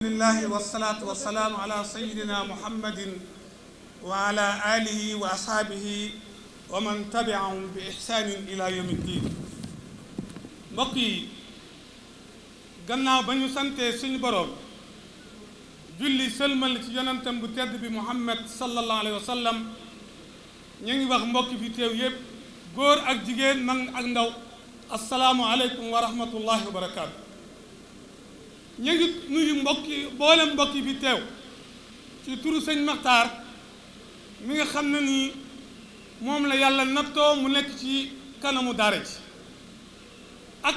alhamdulillahi wasalaatu wasalaamu ala sayidina muhammadin wa ala alihi wa ashaabihi wa man tabiahum bi ixsaanin ila yawmi ddin mbokk yi gannaaw ba ñu santee suñu boroom julli sëlmal ci yonantam bu tedd bi muhammad sallallahu alayhi wa sallam ñu ngi wax mbokki fi teew yépp góor ak jigéen mag ak ndaw asalaamu aleykum wa rahmatullahi wa barakaatu ñu ngi nuyu mbokk yi boolem mbokk teew ci turu sëñ Maxtaar mi nga xam ne nii moom la yàlla nattoo mu nekk ci kanamu daara ji ak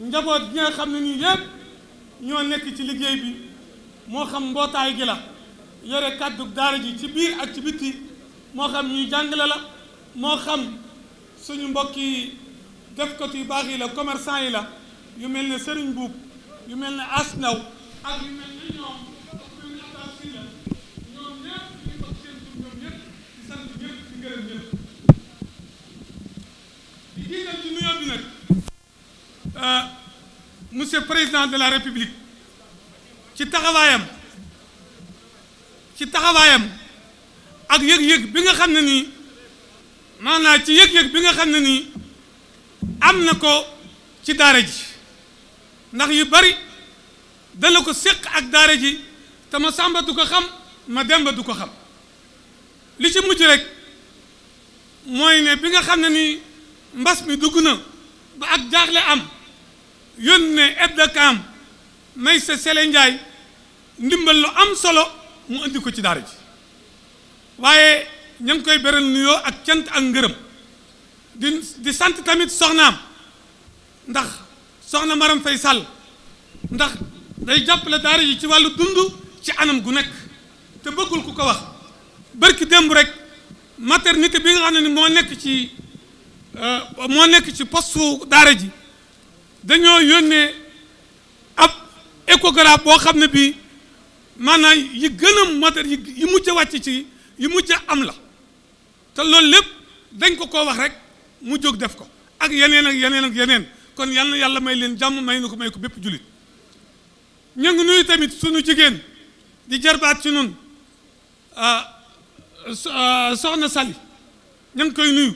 njaboot gi xam na nii yëpp ñoo nekk ci liggéey bi moo xam mbootaay gi la yore kàddu daara ji ci biir ak ci bitti moo xam ñuy jàngale la moo xam suñu mbokk yi def ko yu baax yi la commerçant yi la yu mel ne sëriñ buub yu mel ne asnaw ak yu euh, monsieur président de la république ci taxawaayam ci taxawaayam ak yëg-yëg bi nga xam ne nii maanaa ci yëg bi nga xam ne nii am na ko ci daara ji ndax yu bari dana ko séq ak daara ji te ma sàmba du ko xam ma demba du ko xam li ci mujj rek mooy ne bi nga xam ne ni mbas mi dugg na ba ak jaaxle am yónnee aide de camp may sa Sele Ndiaye ndimbal lu am solo mu indi ko ci daara ji waaye ña ngi koy beral nuyoo ak cant ak ngërëm di sant tamit soxnaam ndax soxna Maram Fay Sall ndax day jàppale daara yi ci wàllu dund ci anam gu nekk te bëggul ko ko wax barki démb rek maternité bi nga xam ne ni moo nekk ci euh, moo nekk ci postu daara ji dañoo yónnee ab échographe boo xam ne bii maanaam yi gën a mater yi yi mujj a wàcc ci yi mujj a am la te loolu lépp dañ ko koo wax rek mu jóg def ko ak yeneen ak yeneen ak yeneen kon yal na yàlla may leen jàmm may na ko may ko bépp jullit ñu ngi nuyu tamit sunu jigéen di jarbaat ci nun ah, ah, soxna Sali ñu ngi koy nuyu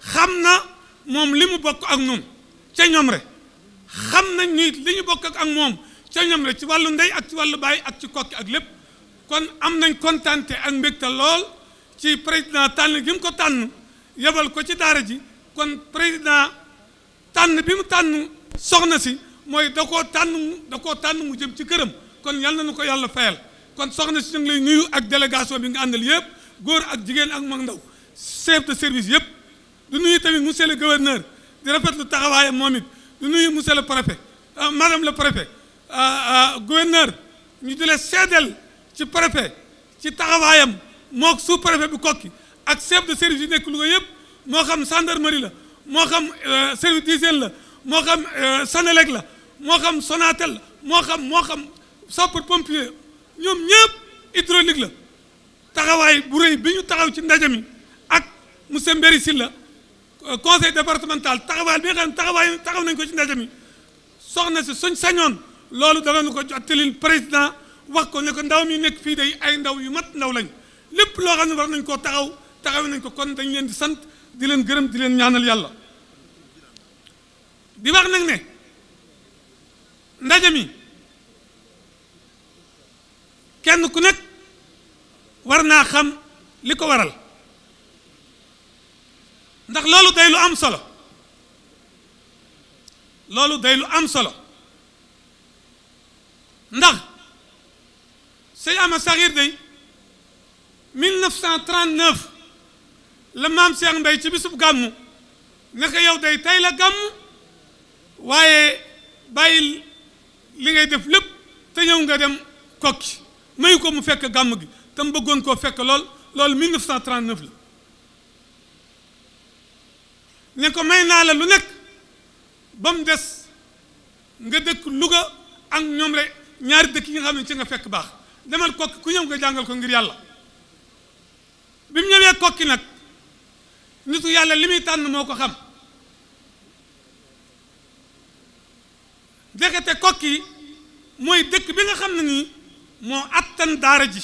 xam na moom li mu bokk ak nun ca ñoom rek xam nañ ni li ñu bokk ak moom ca ñoom ci wàllu ndey ak ci wàllu baay ak ci kokki ak lépp kon am nañ kontante ak mbégte lool ci président tànn gim ko tànn yebal ko ci daara ji kon président tànn bi mu tànn soxna si mooy da ko tànn da koo tànn mu jëm ci këram kon yal na nu ko yàlla fayal kon soxna si ñu ngi lay nuyu ak délégation bi nga àndal yëpp góor ak jigéen ak mag ndaw chef de service yëpp du nuyu tamit monsieur le gouverneur di rafetlu taxawaayam moom it du nuyu monsieur le préfet euh, madame le préfet euh, euh, gouverneur ñu di la seedeel ci préfet ci taxawaayam mook su préfet bi kokki ak chef de service yi nekk Louga yëpp moo xam gendarmerie la moo xam service d'hygiène la moo xam Senelec la moo xam sonaatel moo xam moo xam sapeur pompier ñoom ñëpp hydraulique la taxawaay bu rëy bi ñu taxaw ci ndaje mi ak monsieur Mbéri Sylla euh, conseil départemental taxawaay bi nga xam taxawaay taxaw nañ ko ci ndaje mi soxna si suñ sañoon loolu danañu ko jottalil président wax ko ne ndaw mi nekk fii dey ay ndaw yu mat ndaw lañ lépp loo xam ne war nañ koo taxaw taxaw nañ ko kon dañ leen sant di leen gërëm di leen ñaanal yàlla di wax ne ndaje mi kenn ku nekk war naa xam li ko waral ndax loolu day lu am solo loolu day lu am solo ndax sëñ Ama Saxiir day 1939 la maam Cheikh Mbay ci bisub gàmmu naka yow day tey la gàmmu waaye bàyyil li ngay def lépp te ñëw nga dem kokki mayu ko mu fekk gàmm gi te mu bëggoon koo fekk lool loolu 1939 la ne ko may naa la lu nekk ba mu des nga dëkk Louga ak ñoom rek ñaari dëkk yi nga xam ne ci nga fekk baax demal kokki ku ñëw nga jàngal ko ngir yàlla bi mu ñëwee kokki nag nitu yàlla li muy tànn moo ko xam ndekete kokki mooy dëkk bi nga xam ne nii moo attan daara ji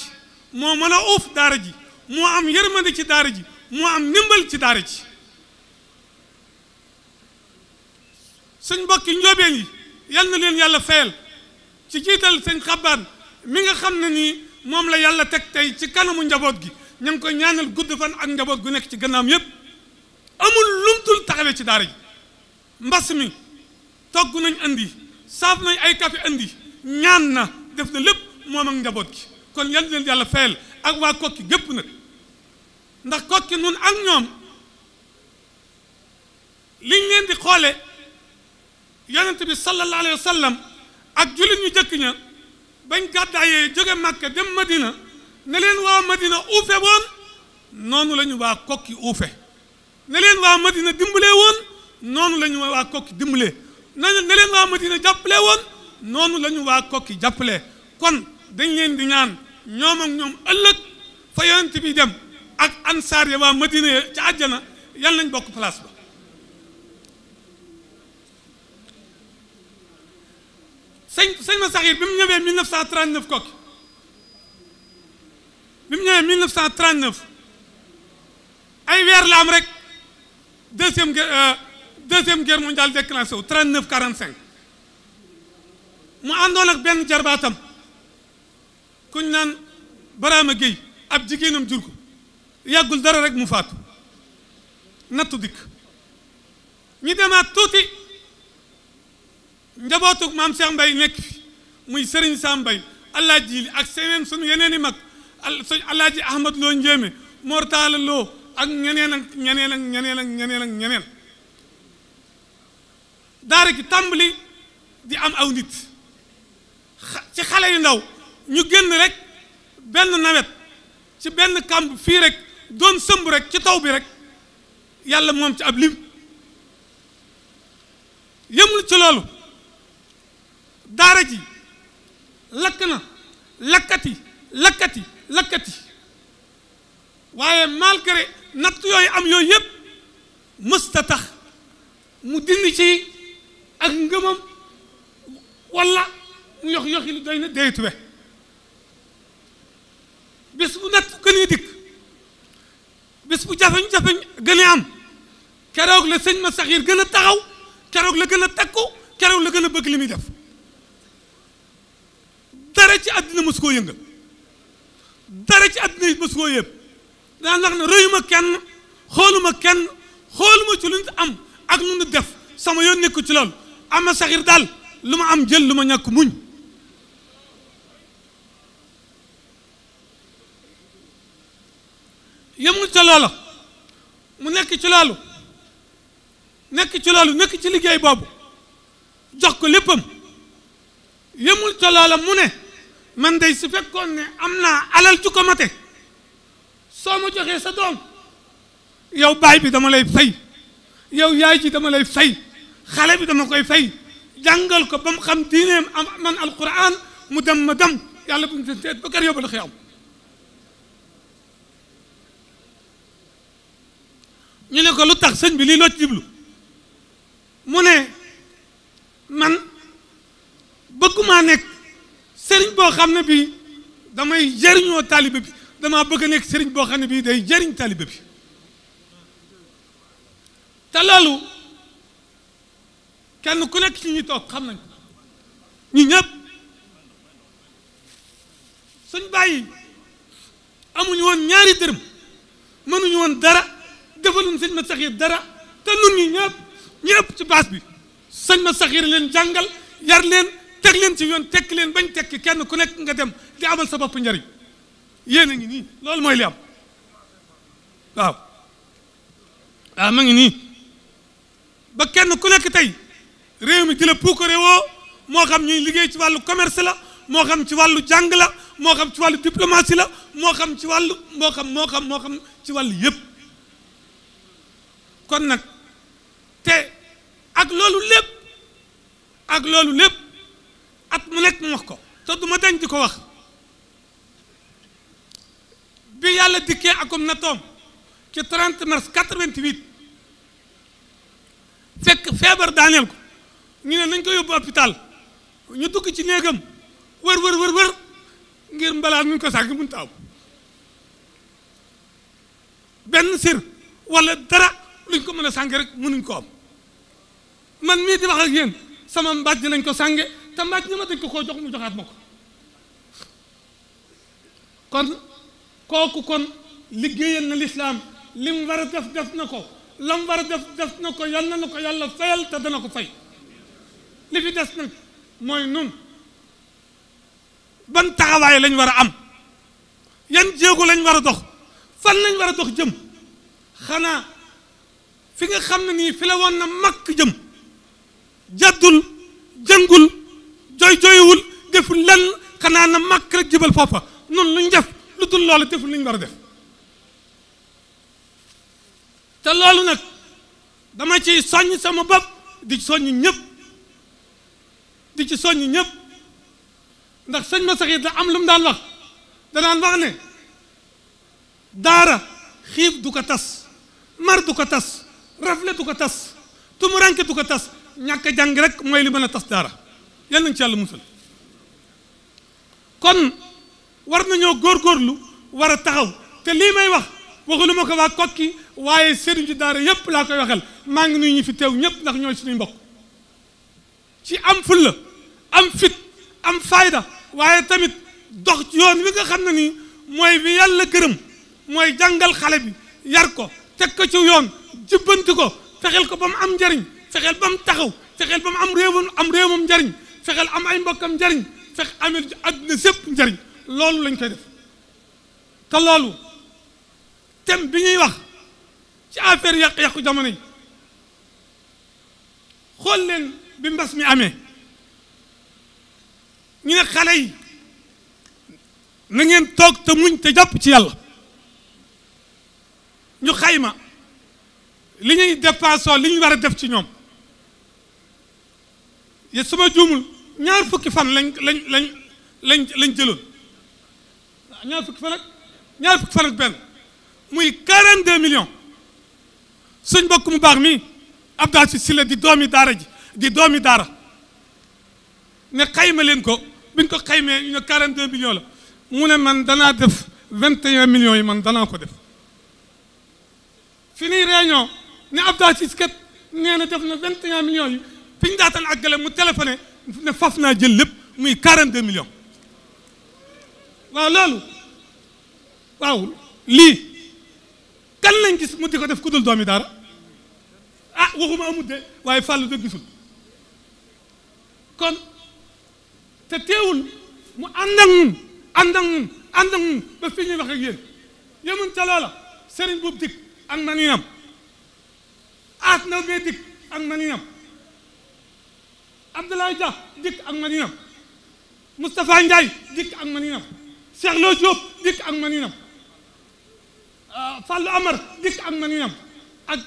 moo mën a uuf daara ji moo am yërmande ci daara ji moo am ndimbal ci daara ji suñ mbokki njóobeen yi yal na leen yàlla fayal ci jiital sëñ xabaan mi nga xam ne nii moom la yàlla teg tey ci kanamu njaboot gi ñu koy ñaanal gudd fan ak njaboot gu nekk ci gannaam yépp amul lumtul taxawee ci daara ji mbas mi togg nañ andi saaf nañ ay café andi ñaan na def na lépp moom ak njaboot gi kon yal leen yàlla fayal ak waa kokki gépp nag ndax kokki nun ak ñoom liñ leen di xoole yonent bi sallallahu alayhi wa ak jullit ñu jëkk bañ gàddaayee jóge Màkka dem Madina ne leen waa Madina uufe woon noonu la ñu waa kokki uufe ne waa Madina dimbalee woon noonu la ñu waa kokki dimbalee na ne leen waa Madina jàppale woon noonu lañu ñu waa kokki jàppale kon dañ leen di ñaan ñoomak ak ñoom ëllëg fa yonent bi dem ak ansaar ya waa Madina ya ca àjjana yal nañ bokk place ba sëñ sëñ ma saxiir bi mu ñëwee 1939 kokki bi mu ñëwee 1939 ay weer la am rek euh, deuxième guerre mondiale déclenché wu 39 45 mu àndoon ak benn jarbaatam kuñ naan Baraama Géy ab jigéenam jur ko yàggul dara rek mu faatu nattu dikk ñu demaat tuuti njabootu maam Cheikh Mbay nekk muy Sëriñ Sam Mbay allah jiili ak seeneen sunu yeneen i mag allah ji Ahmad Loo Njéeme Mor Taala Loo ak ñeneen ak ñeneen ak ñeneen ak ñeneen ak ñeneen daara gi tàmbali di am aw nit ci xale yu ndaw ñu génn rek benn nawet ci benn kàmb fii rek doon sëmb rek ci taw bi rek yàlla moom ci ab lim yëmul ci loolu daara ji lakk na lakkati lakkati lakkati waaye malgré natt yooyu am yooyu yëpp mësta tax mu dindi ci ak ngëmam wala mu yox yoxi lu doy na déytu be bis bu natt gën a dikk bis bu jafeñ-jafeñ gën a am keroog la sëñ ma gën a taxaw keroog la gën a takku keroog la gën a bëgg li def dara ci àddina mosu koo yëngal dara ci àddina yi mosu koo yëpp daan wax ne rëyuma kenn xooluma kenn xooluma ci lu am ak lu def sama yoon nekku ci ama saxir daal lu ma am jël lu ma ñàkk muñ yemul ca mu nekk ci loolu nekk ci loolu nekk ci liggéey boobu jox ko léppam yemul ca mu ne man day su fekkoon ne am naa alal ju ko mate soo ma joxee sa doom yow baay bi dama lay fay yow yaay ji dama lay fay xale bi dama koy fay jàngal ko ba mu xam diineem am man alquran mu dem ma dem yàlla bu ñu seen seet ba kër yóbbu la xëy am ñu ne ko lu tax sëñ bi lii loo jiblu mu ne man bëggumaa nekk sëriñ boo xam ne bii damay jëriñoo taalibe bi damaa bëgg a nekk sëriñ boo xam ne bii day jëriñ taalibe bi te loolu kenn ku nekk ci ñi toog xam nañ ñu ñëpp suñ bàyyi amuñu woon ñaari dërëm nuñu woon dara defaluñ sëñ ma saxiir dara te nun ñi ñëpp ñëpp ci baas bi sëñ ma saxiir leen jàngal yar leen teg leen ci yoon tekki leen bañ tekki kenn ku nekk nga tem di amal sa njariñ yéen a ngi nii loolu mooy li am waaw waaw ma ngi nii ba kenn ku nekk tey réew mi di la puukare woo moo xam ñuy liggéey ci wàllu commerce la moo xam ci wàllu jàng la moo xam ci wàllu diplomatie la moo xam ci wàllu moo xam moo xam moo xam ci wàllu yépp kon nag te ak loolu lépp ak loolu lépp at mu nekk mu wax ko te du ma dañ di ko wax bi yàlla dikkee akum nattoom ci 30 mars 88 fekk feebar daaneel ko ñu ne nañ ko yóbbu hôpital ñu tukki ci néegam wër wër wër ngir mbalaan muñ ko sànq mun taaw benn sir wala dara luñ ko mën a sànge rek mënuñ ko am man mii di wax sama mbaaj lañ ko sànge te mbaaj ñi ma dañ ko koo jox mu joxaat ma ko kon kooku kon liggéeyal na lislaam lim war a def def na ko lam war a def def na ko yal na ko yàlla fayal te dana ko fay li fi des nag mooy nun ban taxawaay lañ war a am yan jéego lañ war a dox fan lañ war a dox jëm xanaa fi nga xam ne nii file woon na makk jëm jaddul jëngul joy joywul deful lenn xanaa na makk rek jëbal foofa nun luñ def lu dul loolu war a def te loolu nag dama ciy soññ sama bopp di soññ ñëpp di ci soññ ñëpp ndax sëñ ma saxit la am lu mu daan wax danaan wax ne daara xiif du ko tas mar du ko tas rafle du ko tas tumuranke du ko tas ñàkk jàng rekk mooy li mën tas daara yal nañ ci yàlla musal kon war góor góorgóorlu war a taxaw te lii may wax waxulu ma ko waa kokki waaye sëriñ ci daara yëpp laa koy waxal maa ngi nuyu ñu fi teew ñëpp ndax ñooy suñuy mbokk ci am fulla am fit am fayda waaye tamit dox yoon wi nga xam ne nii mooy bi yàlla gërëm mooy jàngal xale bi yar ko teg ko ci yoon jubbanti ko fexeel ko ba mu am njariñ fexeel ba taxaw fexeel ba mu am réewam am réewam njariñ fexeel am ay mbokkam njariñ fex amel àdduna sépp njariñ loolu lañ koy def te loolu thème bi ñuy wax ci affaire yàq-yàqu jamono xool leen bi mbas mi amee ñu ne xale yi na ngeen toog te muñ te jàpp ci yàlla ñu xayma li ñuy dépensé li ñu war a def ci ñoom ye suma juumul ñaar fukki fan lañ lañ lañ lañ lañ jëloon ñaar fukki fan benn muy 42 millions suñ mbokk mu baax mi Abdou Aziz Sy la di doomi daara ji di doomi daara ne xayma leen ko bi ñu ko xaymee ñu ne 42 millions la mu ne man danaa def 21 million yi man danaa ko def fi ñuy réunion ne Abdou Aziz kat nee na def na 21 millions yi fi ñu ak àggale mu téléphoné ne faf naa jël lépp muy 42 millions waaw loolu waaw lii kan lañ gis mu di ko def ku dul doomi dara ah waxuma amut de waaye fàllu de gisul kon te teewul mu ànd ak ñun ànd ba fi ñuy wax ak yéen yemuñ loola sëriñ boobu dikk ak maninam aas na bee dikk ak maninam Abdoulaye Dia dikk ak maninam Moustapha Ndiaye dikk ak maninam Cheikh Lo Diop dikk ak euh, Amar dikk ak maninam ak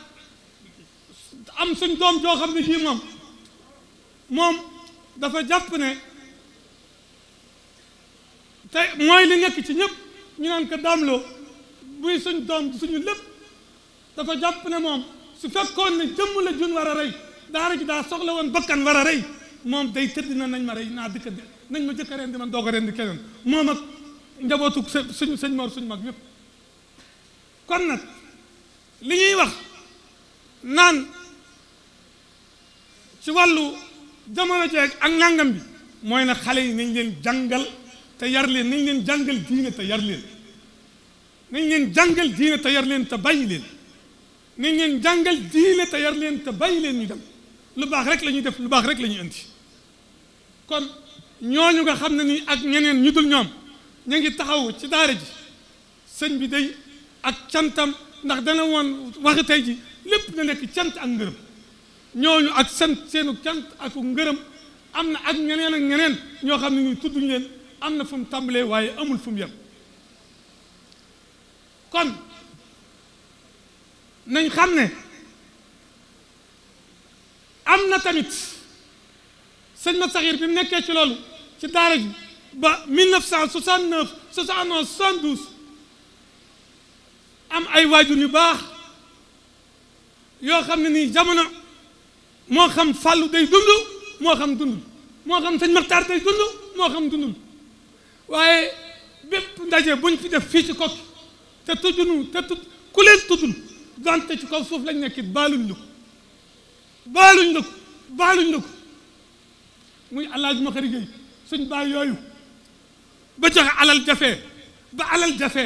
am suñ doom joo xam ne jii moom moom dafa jàpp te mooy li ki ci ñëpp ñu naan ko daamloo buy suñ doom suñu lépp dafa jàpp ne moom su fekkoon ne jëmm jun war a rey daara ji daa soxla woon bakkan war a rey moom day tëdd na nañ ma rey naa dëkk de nañ ma jëkk a rendi man doo ko rendi keneen moom ak njabootu suñu sëñ Mor suñu mag yëpp kon nag li ñuy wax naan ci wàllu jamono jeeg ak nàngam mooy na xale yi nañ leen jàngal te yar leen ni leen jàngal diine te yar leen nañ leen jàngal diine te yar leen te bàyyi leen nañ leen jàngal diine te yar leen te bàyyi leen ñu dem lu baax rek la ñuy def lu baax rek la ñuy indi kon ñooñu nga xam ne nii ak ñeneen ñu dul ñoom ñu ngi taxaw ci daare ji sëñ bi dey ak cantam ndax dana woon waxi tey ji lépp na nekk cant ak ngërëm ñooñu ak sant seenu cant ak ngërëm am na ak ñeneen ak ñeneen ñoo xam ne nii tudduñu leen am na fu mu waaye amul fu mu yem kon nañ xam ne am na tamit sëñ Mat Saxiir bi mu nekkee ci loolu ci daara ji ba 1969 71 72 am ay waajur yu baax yoo xam ne nii jamono moo xam fàllu day dund moo xam dundul moo xam sëñ Maxtaar day dund moo xam dundul waaye bépp ndaje buñ fi def fii ci Koki te tuddunu te tudd ku leen tuddul donte ci kaw suuf lañ nekkit baaluñ la ko baaluñ la ko ko muy alaaji ma xarigéey suñ baay yooyu ba joxe alal jafe ba alal jafe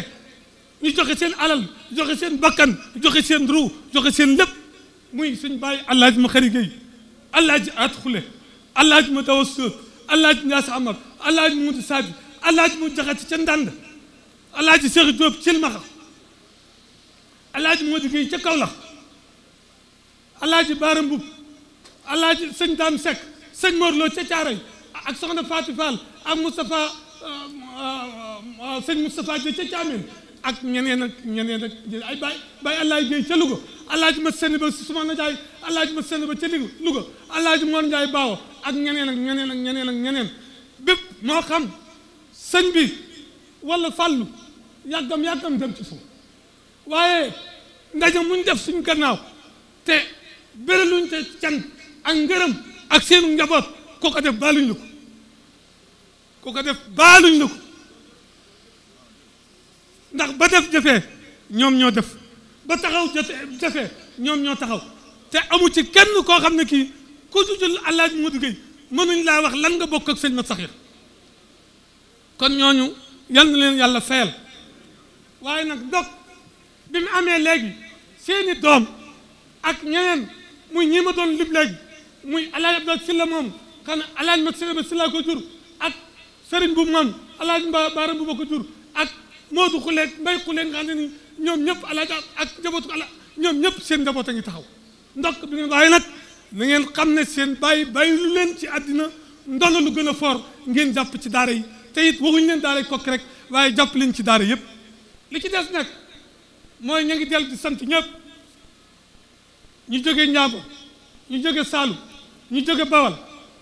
ñu joxe seen alal joxe seen bakkan joxe seen ruu joxe seen lépp muy suñ bàyyi alaaji ma xarigéey alaaji at xule alaaji ma tawassur alaaji ñaas amar alaaji mudu saabi alaaji mu jaxati ca ndànd alaaji Cheikh Diop cilmaxa alaaji moo di géy ca Kaolack alaaji Baara Mbub alaaji sëñ Dame Seck sëñ Morlo ca Caaray ak soxna Fatou Fall ak Moustapha sëñ Moustapha Dieye ca Caameen ak ñeneen ak ñeneen ak ay baay baay alaaji Dieye ca Louga alaaji ma sëñ ak ñeneen ak ñeneen ak ñeneen ak ñeneen bépp sëñ bi walla fàllu yàggam yàggam dem ci suuf waaye ndaje muñ def suñ gannaaw te luñ te can ak ngërëm ak seenu njaboot koo ko def baaluñ la ko koo def baaluñ la ko ndax ba def jafee ñoom ñoo def ba taxaw jafee ñoom ñoo taxaw te amu ci kenn koo xam ne kii ku jujul Alaaji Modou Gueye mënuñ laa wax lan nga bokk ak sëñ na Saxir kon ñooñu yal na leen yàlla fayal waaye nag dog bi mu amee léegi seeni doom ak ñeneen muy ñi ma doon lib léegi muy alaaj abdal silla moom xanaa alaaj ma silla silla ko jur ak sëriñ bu moom alaaj mba baaram bu ba ko jur ak moodu xuleet mbay xuleet nga xam ni ñoom ñëpp alaaj ak njabootu ala ñoom ñëpp seen njaboot a taxaw ndok bi ngeen waaye nag na ngeen xam ne seen bàyyi bay lu leen ci àddina ndono lu gën a foor ngeen jàpp ci daara yi te it waxuñu leen daara Kokki rek waaye jàpp leen ci daara yëpp li ci des nag mooy ñu ngi del di sant ñëpp ñu jóge Njaago ñu jóge Saalum ñu jóge Bawal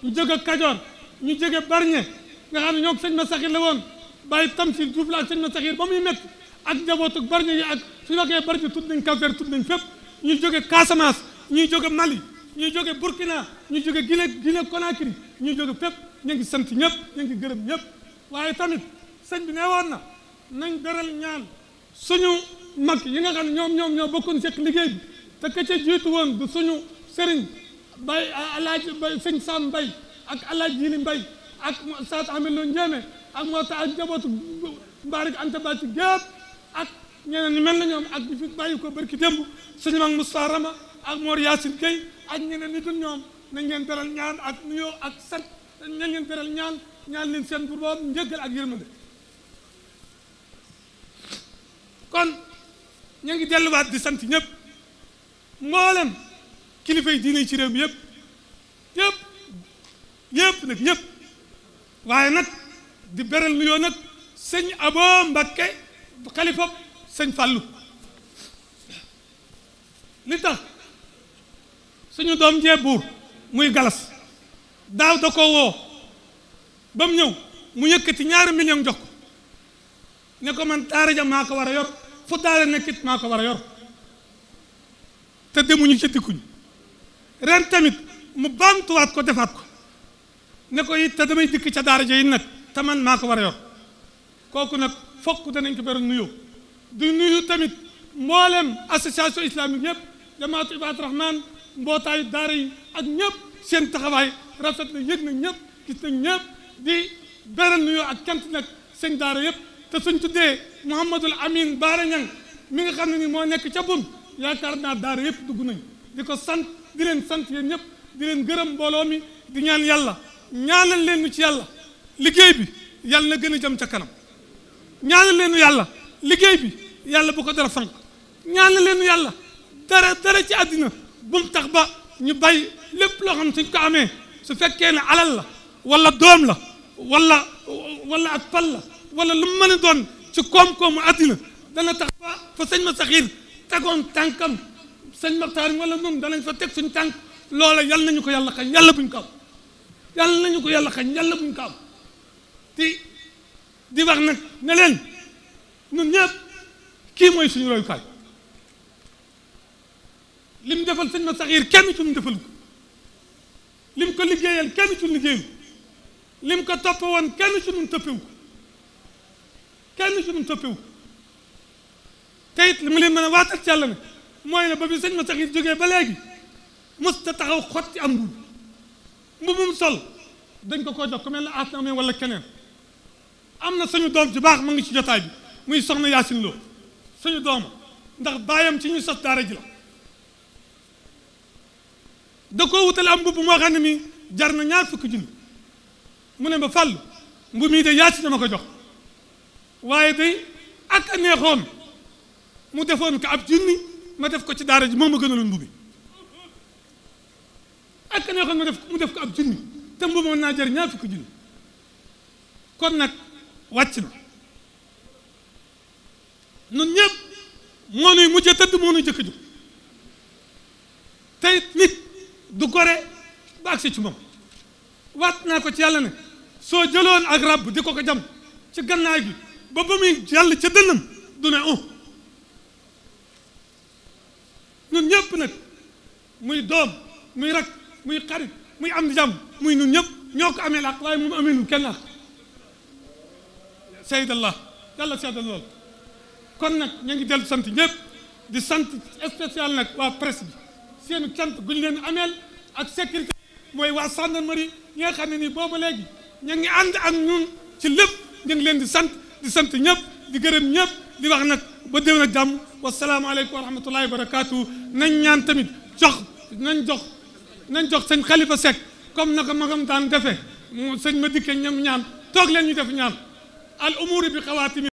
ñu jóge Kajoor ñu jóge Barñe nga xam ne ñoom sëñ ma saxir la woon bàyyi Tamsir Juuf la ak sëñ ma saxir ba muy métti ak njabootu Barñe yi ak su waxee Barñe tudd nañ Kafeer tudd nañ fépp ñu jóge Casamance ñu jóge Mali ñu jóge Burkina ñu jóge Guinée Guinée Conakry ñu jóge fépp ñu ngi sant ñëpp ñu ngi gërëm ñëpp waaye tamit sëñ bi ne woon na nañ beral ñaan suñu mag yi nga xam ne ñoom ñoom ñoo bokkoon seq liggéey bi te ka jiitu woon du suñu sëriñ bay alaaji bay sëñ Sam Mbay ak alaaji Yili Mbay ak saat Ahmed Lo Ndiémé ak moo tax ak jabootu mbaarik Anta Ba ci ak ñeneen ñu mel na ak di fi bàyyi ko barki démb suñu mag Moussa Rama ak Mor Yacine ak ñeneen ñu ñoom nañ leen beral ñaan ak nuyoo ak sant nañ leen beral ñaan ñaan leen seen borom njëggal ak yërmande kon ñu ngi delluwaat di sant ñëpp mboolem kilifa yi ci réew mi yëpp yëpp yëpp nag ñëpp waaye nag di beral nuyoo nag sëñ Abo Mbakke xalifa sëñ Fàllu li tax suñu doom jee buur muy galas daaw da ko ba mu ñëw mu yëkkati ñaari million jox ko ne ko man daara ja maa a yor fu daara nekkit maa ko war a yor te demuñu ci dikkuñu ren tamit mu baamtuwaat ko defaat ko ne ko it te damay dikk ca daara ja yi nag te man maa ko war a yor kooku nag fokk danañ ko beroon du nuyu tamit mboolem association islamique yëpp jamaatu ibaad rahman mbootaayu daara ak ñëpp seen taxawaay rafet na yëg na ñëpp gis na ñëpp di beral nuyoo ak cant nag sëñ daara yëpp te suñ tuddee Mouhamadul Amin baare Ñang mi nga xam ne ni moo nekk ca bun yaakaar naa daara yëpp dugg nañ di ko sant di leen sant yéen ñëpp di leen gërëm mbooloo mi di ñaan yàlla ñaanal leen nu ci yàlla liggéey bi yàlla na gën a jëm ca kanam ñaanal leen nu yàlla liggéey bi yàlla bu ko dara fanq ñaanal leen nu yàlla dara dara ci àddina bu mu tax ba ñu bay lépp loo xam suñ ko amee su fekkee ne alal la wala doom la wala wala ak pal la wala lu mu mën a doon ci koom-koomu àddina dana tax fa fa sëñ ma saxiir tegoon tànkam sëñ maxtaar wala nun danañ fa teg suñ tànk loola yal nañu ko yàlla xañ yàlla buñ ko yal nañu ko yàlla xañ yàlla buñ ko am di di wax nun ñëpp kii mooy suñu royukaay lim defal sëñ ma saxiir kenn ci mu defal ko lim ko liggéeyal kenn ci liggéeyal lim ko topp woon kenn ci nun toppiwu ko kenn ci nun toppiwu ko ma leen a waatal ci yàlla ne mooy ne ba bi sëñ ma sax yi jógee ba léegi mos ta taxaw xot ci am dul mbu mum sol dañ ko koo jox ku mel ne aas na amee wala keneen am na suñu doom ci baax mu ngi ci jotaay muy soxna Yaasin Lo suñu dooma ndax baayam ci ñu ji la da koo wutale am mbubb moo xam mi jar na ñaar fukki junni mu ne ma fàll mbu mii de yaac na ma ko jox waaye day ak a neexoon mu defoon ko ab junni ma def ko ci daara ji moom ma gënaloon mbu bi ak a neexoon ma def def ko ab junni te mbu moom naa jar ñaar fukki junni kon nag wàcc na nun ñëpp moo nuy mujj tëdd moo nuy jëkk jóg tey nit du gore ba agsi ci moom waat naa ko ci yàlla ne soo jëloon ak ràbb di ko ko jam ci gannaay bi ba ba muy jàll ca dënnam du ne oh ñun ñëpp nag muy doom muy rak muy xarit muy am di jàmm muy ñun ñëpp ñoo ko amee làq waaye moom amee lu kenn làq seydallah yàlla seedal kon nag ñu ngi dellu sant ñëpp di sant spécial nag waa presse bi seenu cant guñ leen ameel ak sécurité mooy waa gendarmerie ñi nga ne nii booba léegi ñu ngi ànd ak ñun ci lépp ñu leen di sant di sant ñëpp di gërëm ñëpp di wax nag ba déwén ak jàmm wasalaamaaleykum wa rahmatullahi wa barakaatu nañ ñaan tamit jox nañ jox nañ jox sëñ Khalifa Seck comme naka magam daan defee mu ma dikkee ñoom ñaan toog leen ñu def ñaan al umuri bi xawaatimi